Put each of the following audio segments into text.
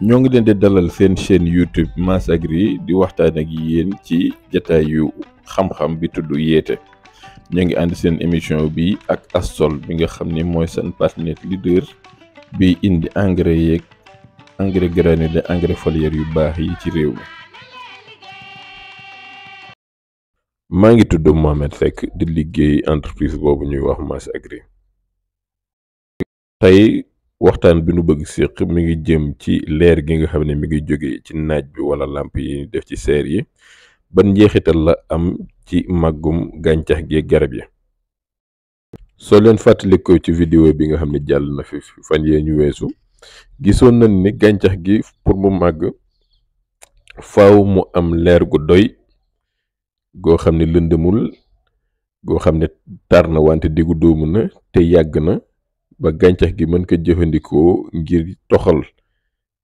ñoo ngi leen di dalal seen chaîne YouTube Mas Agri di waxtaan ak yéen ci jataay yu xam-xam bi tudd yéete ñoo ngi ànd seen émission bi ak Assol bi nga xam ni mooy seen partenaire leader bi indi engrais yeeg engrais granulé engrais foliaire yu baax yi ci réew mi. maa ngi tudd Mohamed Seck di liggéey entreprise boobu ñuy wax Mas Agri. waxtaan bi nu bëgg séq mi ngi jëm ci leer gi nga xam ne mi ngi jóge ci naaj bi wala làmp yi ñu def ci seer yi ban njeexital la am ci màggum gàncax gi garab yi soo leen fàttalikoo ci vidéo bi nga xam ne jàll na fi fan yee ñu weesu gisoon nañ ni gàncax gi pour mu màgg faw mu am leer gu doy goo xam ne lëndëmul goo xam ne tar na wante diggu dóomu na te yàgg na ba gàncax gi mën ko jëfandikoo ngir toxal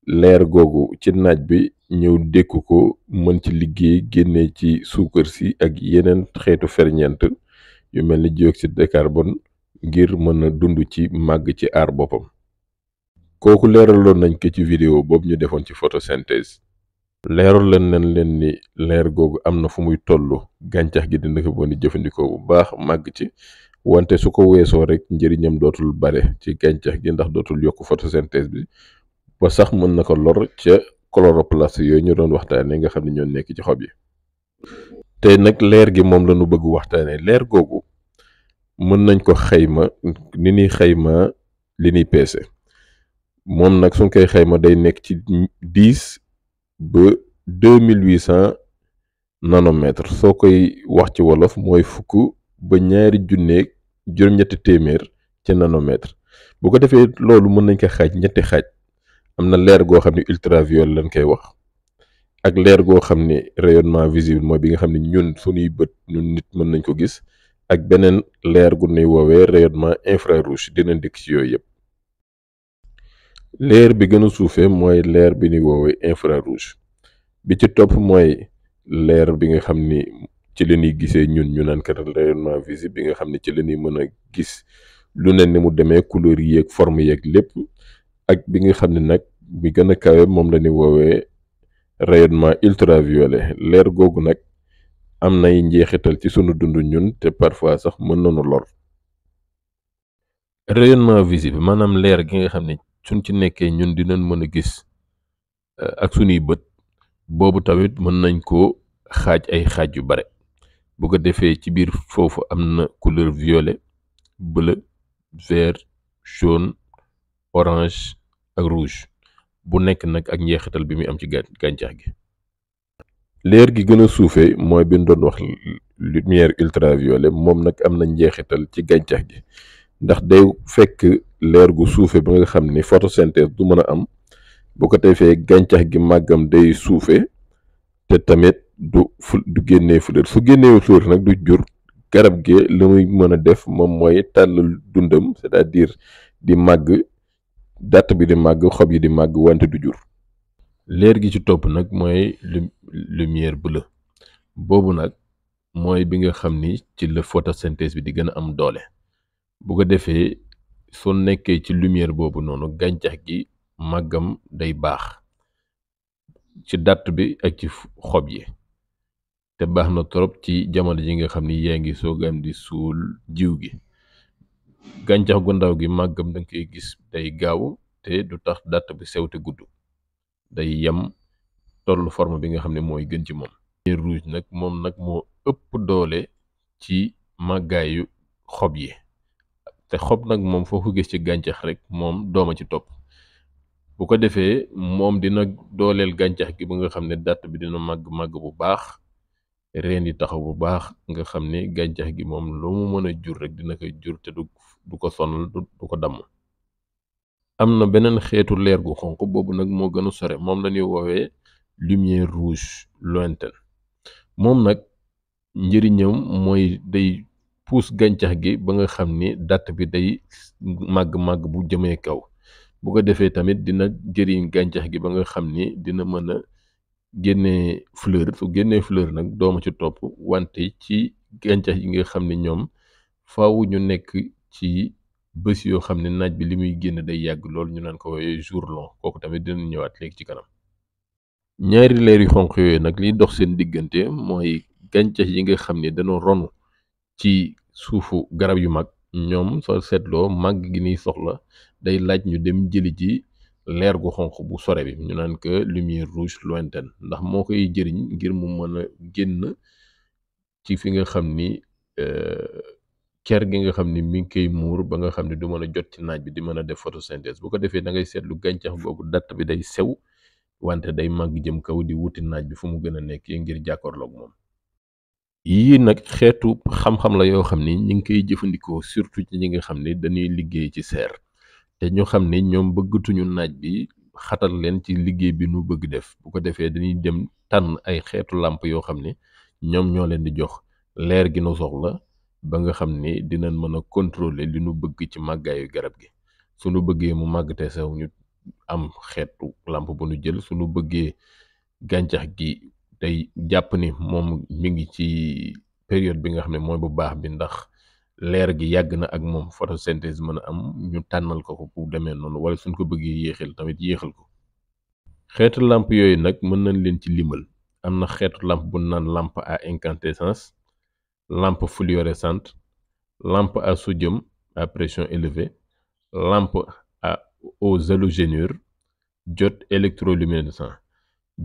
leer googu ci naaj bi ñëw dékku ko mën ci liggéey génne ci suukar si ak yeneen xeetu ferñeent yu mel ni dioxyde de carbone ngir mën a dund ci màgg ci aar boppam kooku leeraloon nañ ko ci vidéo boobu ñu defoon ci photosynthèse leeral leen nañ leen ni leer googu am na fu muy toll gàncax gi dina ko mën a jëfandikoo bu baax màgg ci wante su ko weesoo rek njëriñam dootul bare ci gàncax gi ndax dootul yokk photosynthèse bi ba sax mën na ko lor ca chloroplaste yooyu ñu doon waxtaanee nga xam ne ñoo nekk ci xob yi tey nag leer gi moom la bëgg waxtaanee leer googu mën nañ ko xayma ni ñuy xayma li ñuy peese moom nag suñ koy xayma day nekk ci dix ba deux mille huit cent nanomètres soo koy wax ci wolof mooy fukk. ba ñaari junneeg juróom-ñetti téeméer ci nanomètre bu ko defee loolu mën nañ ko xaaj ñetti xaaj am na leer goo xam ne ultraviolet lañ koy wax ak leer goo xam ne rayonnement visible mooy bi nga xam ne ñun suñuy bët ñun nit mën nañ ko gis ak beneen leer gu ñuy woowee rayonnement infrarouge dinañ dikk ci yooyu yëpp leer bi gën a suufee mooy leer bi ñuy woowee infrarouge bi ci topp mooy leer bi nga xam ni ci la ñuy gisee ñun ñu naan kat rayonnement visible bi nga xam ne ci la ñuy mën a gis lu ne ni mu demee couleur yeeg forme yeeg lépp ak bi nga xam ne nag bi gën a kawe moom la ñuy woowee rayonnement ultraviolet leer googu nag am nay njeexital ci sunu dund ñun te parfois sax mën nañu lor rayonnement bi maanaam leer gi nga xam ni suñ ci nekkee ñun dinañ mën a gis euh, ak sunuy bët boobu tamit mën nañ koo xaaj ay xaaj yu bare bu ko defee ci biir foofu am na couleur violet bleu vert jaune orange ak rouge bu nekk nag ak njeexital bi muy am ci gàncax gi leer gi gën a suufee mooy bi ñu doon wax lumière ultraviolet moom nag am na njeexital ci gàncax gi ndax day fekk leer gu suufee ba nga xam ni photosynthèse du mën a am bu ko defee gàncax gi màggam day suufee te tamit du fu du génnee fleur su génnee fleur nag du jur garab gee li muy mën a def moom mooy tàllal dundam c'est-à-dire di màgg dàtt bi di màgg xob yi di màgg wante du jur leer gi ci topp nag mooy lumière bleue boobu nag mooy bi nga xam ni ci la photosynthèse bi di gën a am doole bu ko defee soo nekkee ci lumière boobu noonu gàncax gi màggam day baax ci dàtt bi ak ci xob yi te baax na trop ci jamono ji nga xam ni yaa ngi soog am di suul jiw gi gàncax gu ndaw gi màggam danga koy gis day gaaw te du tax dàtt bi sew te gudd day yem tollu forme bi nga xam ne mooy gën ci moom. rouge nag moom nag moo ëpp doole ci màggaayu xob yi te xob nag moom foo ko gis ci gàncax rek moom dooma ci topp bu ko defee moom dina dooleel gàncax gi ba nga xam ne dàtt bi dina màgg màgg bu baax. reen yi taxaw bu baax nga xam ne gàncax gi moom lu mu mën a jur rek dina ko jur te du du ko sonal du ko dam am na beneen xeetu leer gu xonq boobu nag moo gën sore moom la ñuy woowee lumière rouge lointaine moom nag njëriñam mooy day puus gàncax gi ba nga xam ni date bi day màgg-màgg bu jëmee kaw bu ko defee tamit dina jëriñ gàncax gi ba nga xam ni dina mën a génne fleur su génnee fleur nag dooma ci topp wante ci gàncax yi nga xam ni ñoom faw ñu nekk ci bés yoo xam ne naaj bi li muy génn day yàgg lool ñu naan ko wooyee jour long kooku tamit dinañ ñëwaat léegi ci kanam ñaari leer yu xonq yooyu nag liy dox seen diggante mooy gàncax yi nga xam ne dañoo ronu ci suufu garab yu mag ñoom soo seetloo màgg gi niy soxla day laaj ñu dem jëli ji leer gu xonq bu sore bi ñu naan que lumière rouge lointaine ndax moo koy jëriñ ngir mu mën a génn ci fi nga xam ni euh, ker gi nga xam ni mi ngi koy muur ba nga xam ni du mën a jot ci naaj bi di mën a def photosynthèse bu ko defee da ngay seetlu gàncax boobu datt bi day sew wante day màgg jëm kaw di wuti naaj bi fu mu gën a nekkee ngir jàkkaarloog moom. yii nag xeetu xam-xam la yoo xam ni ñu ngi koy jëfandikoo surtout ci ñi nga xam ni dañuy liggéey ci serre. te ñu xam ni ñoom bëggatuñu naaj bi xatal leen ci liggéey bi nu bëgg def bu ko defee dañuy dem tànn ay xeetu làmp yoo xam ne ñoom ñoo leen di jox leer gi nu soxla ba nga xam ni dinañ mën a contrôler li nu bëgg ci màggaayu garab gi suñu bëggee mu màgg te saw ñu am xeetu làmp bu nu jël suñu bëggee gàncax gi tey jàpp ni moom mu ngi ci période bi nga xam ne mooy bu baax bi ndax leer gi yàgg na ak moom photosynthèse mën a am ñu tànnal ko ko bu demee noonu wala suñ ko bëggee yéexal tamit yéexal ko xeetu làmp yooyu nag mën nañ leen ci limal am na xeetu làmp bu naan làmp à incandescence lampe fluorescente lampe à sodium a pression élevée lampe à aux halogénures diode électroluminescent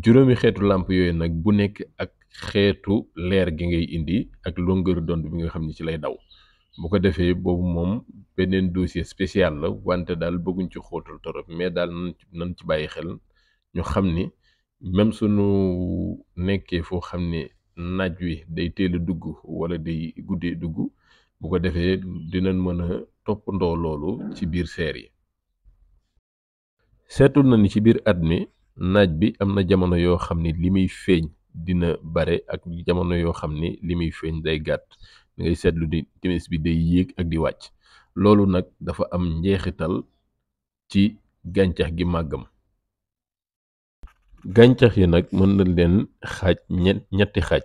juróomi xeetu làmp yooyu nag bu nekk ak xeetu leer gi ngay indi ak longueur d'onde bi nga xam ne ci lay daw bu ko defee boobu moom beneen dossier spécial la wante daal bëgguñ ci xóotul torop mais daal nan ci bàyyi xel ñu xam ni même suñu nekkee foo xam ni naaj wi day teel a dugg wala day guddee dugg bu ko defee dinañ mën a toppandoo loolu ci biir seer yi seetul na ni ci biir at mi naaj bi am na jamono yoo xam ni li muy feeñ dina bare ak jamono yoo xam ni li muy feeñ day gàtt ngay seetlu di timis bi day yéeg ak di wàcc loolu nag dafa am njeexital ci gàncax gi màggam gàncax yi nag mën na leen xaaj ñetti xaaj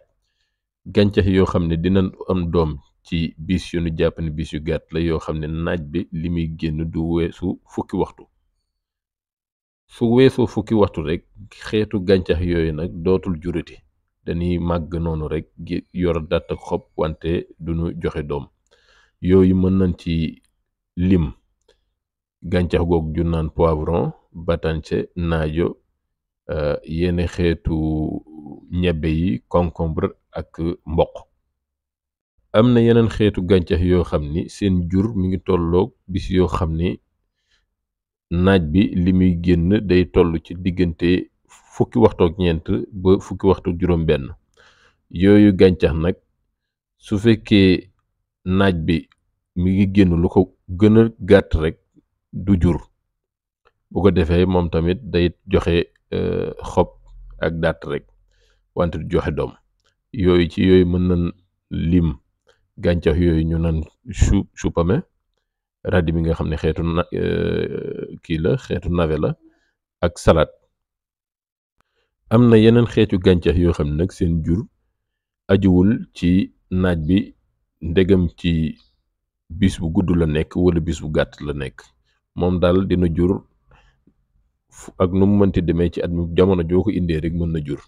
gàncax yoo xam ne dinañ am doom ci bis yu nu jàpp ne bis yu gàtt la yoo xam ne naaj bi li muy génn du weesu fukki waxtu su weesoo fukki waxtu rek xeetu gàncax yooyu nag dootul jurati dañuy màgg noonu rek yor dat ak xob wante duñu joxe doom yooyu mën nañ ci lim gàncax goog ju naan poivron batance naajo euh, yenn xeetu ñebbe yi concombre ak mboq am na yeneen xeetu gàncax yoo xam ni seen jur mi ngi tollook bis yoo xam ni naaj bi li muy génn day toll ci diggante fukki waxtu ak ñeent ba fukki waxtu juróom benn yooyu gàncax nag su fekkee naaj bi mi ngi génn lu ko gën a gàtt rek du jur bu ko defee moom tamit day joxe eh, xob ak dàtt rek wante du joxe doom yooyu ci yooyu mën na lim gàncax yooyu ñu naan chou chou pommé bi nga xam ne xeetu na eh, kii la xeetu navet la ak salaat am na yeneen xeetu gàncax yoo xam ne nag seen jur ajuwul ci naaj bi ndegam ci bis bu gudd la nekk wala bis bu gàtt la nekk moom daal dina jur ak nu mu mënti demee ci at mi jamono joo ko indee rek mën na jur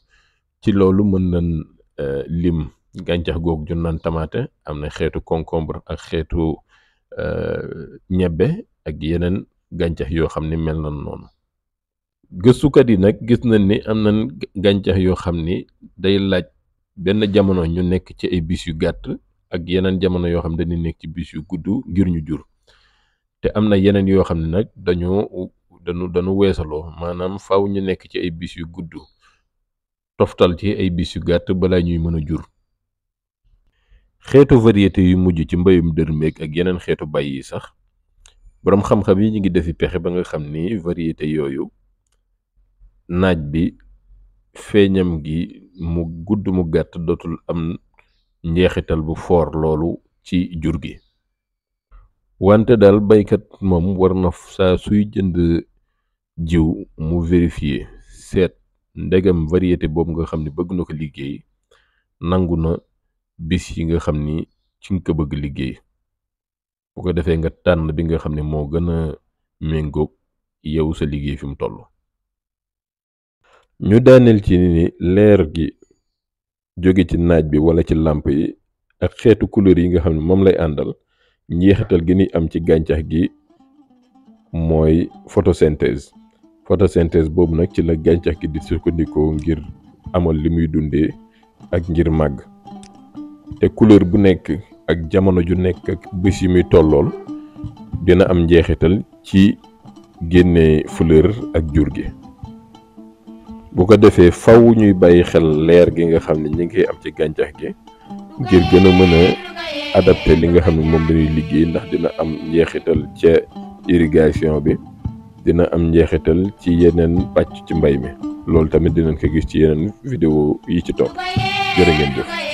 ci loolu mën nañ eh, lim gàncax googu jun naan tamaate am na xeetu concombre ak xeetu eh, ñebbe ak yeneen gàncax yoo xam ni mel na noonu gëstukat yi nag gis nañ ni am na gàncax yoo xam ni day laaj benn jamono ñu nekk ci ay bis yu gàtt ak yeneen jamono yoo xam ne dañuy nekk ci bis yu gudd ngir ñu jur te am na yeneen yoo xam ne nag dañoo dañu dañu weesaloo maanaam faw ñu nekk ci ay bis yu gudd toftal ci ay bis yu gàtt balaa ñuy mën a jur xeetu variété yu mujj ci mbayum dërmeeg ak yeneen xeetu bay sax boroom xam-xam yi ñu ngi defi pexe ba nga xam ni variété yooyu naaj bi feeñam gi mu gudd mu gàtt dootul am njeexital bu foor loolu ci jur gi wante daal baykat moom war na saa suy jënd jiw mu vérifier seet ndegam variété boobu nga xam ni bëgg na ko liggéey nangu na bis yi nga xam ni ci nga ko bëgg liggéey bu ko defee nga tànn bi nga xam ne moo gën a méngoog yow sa liggéey fi mu toll ñu daaneel ci ni leer gi jóge ci naaj bi wala ci làmp yi ak xeetu couleur yi nga xam ne moom lay àndal njeexital gi ni am ci gàncax gi mooy photosynthèse photosynthèse boobu nag ci la gàncax gi di sukkandikoo ngir amal li muy dundee ak ngir màgg te couleur bu nekk ak jamono ju nekk ak bés yi muy tollool dina am njeexital ci génne fleur ak jur gi bu ko defee faw ñuy bàyyi xel leer gi nga xam ne ñi ngi am ci gàncax gi ngir gën a mën a adapté li nga xam ne moom lañuy liggéey ndax dina am njeexital ca irrigation bi dina am njeexital ci yeneen pàcc ci mbay mi loolu tamit dinañ ko gis ci yeneen vidéo yi ci topp jërë ngeen jëf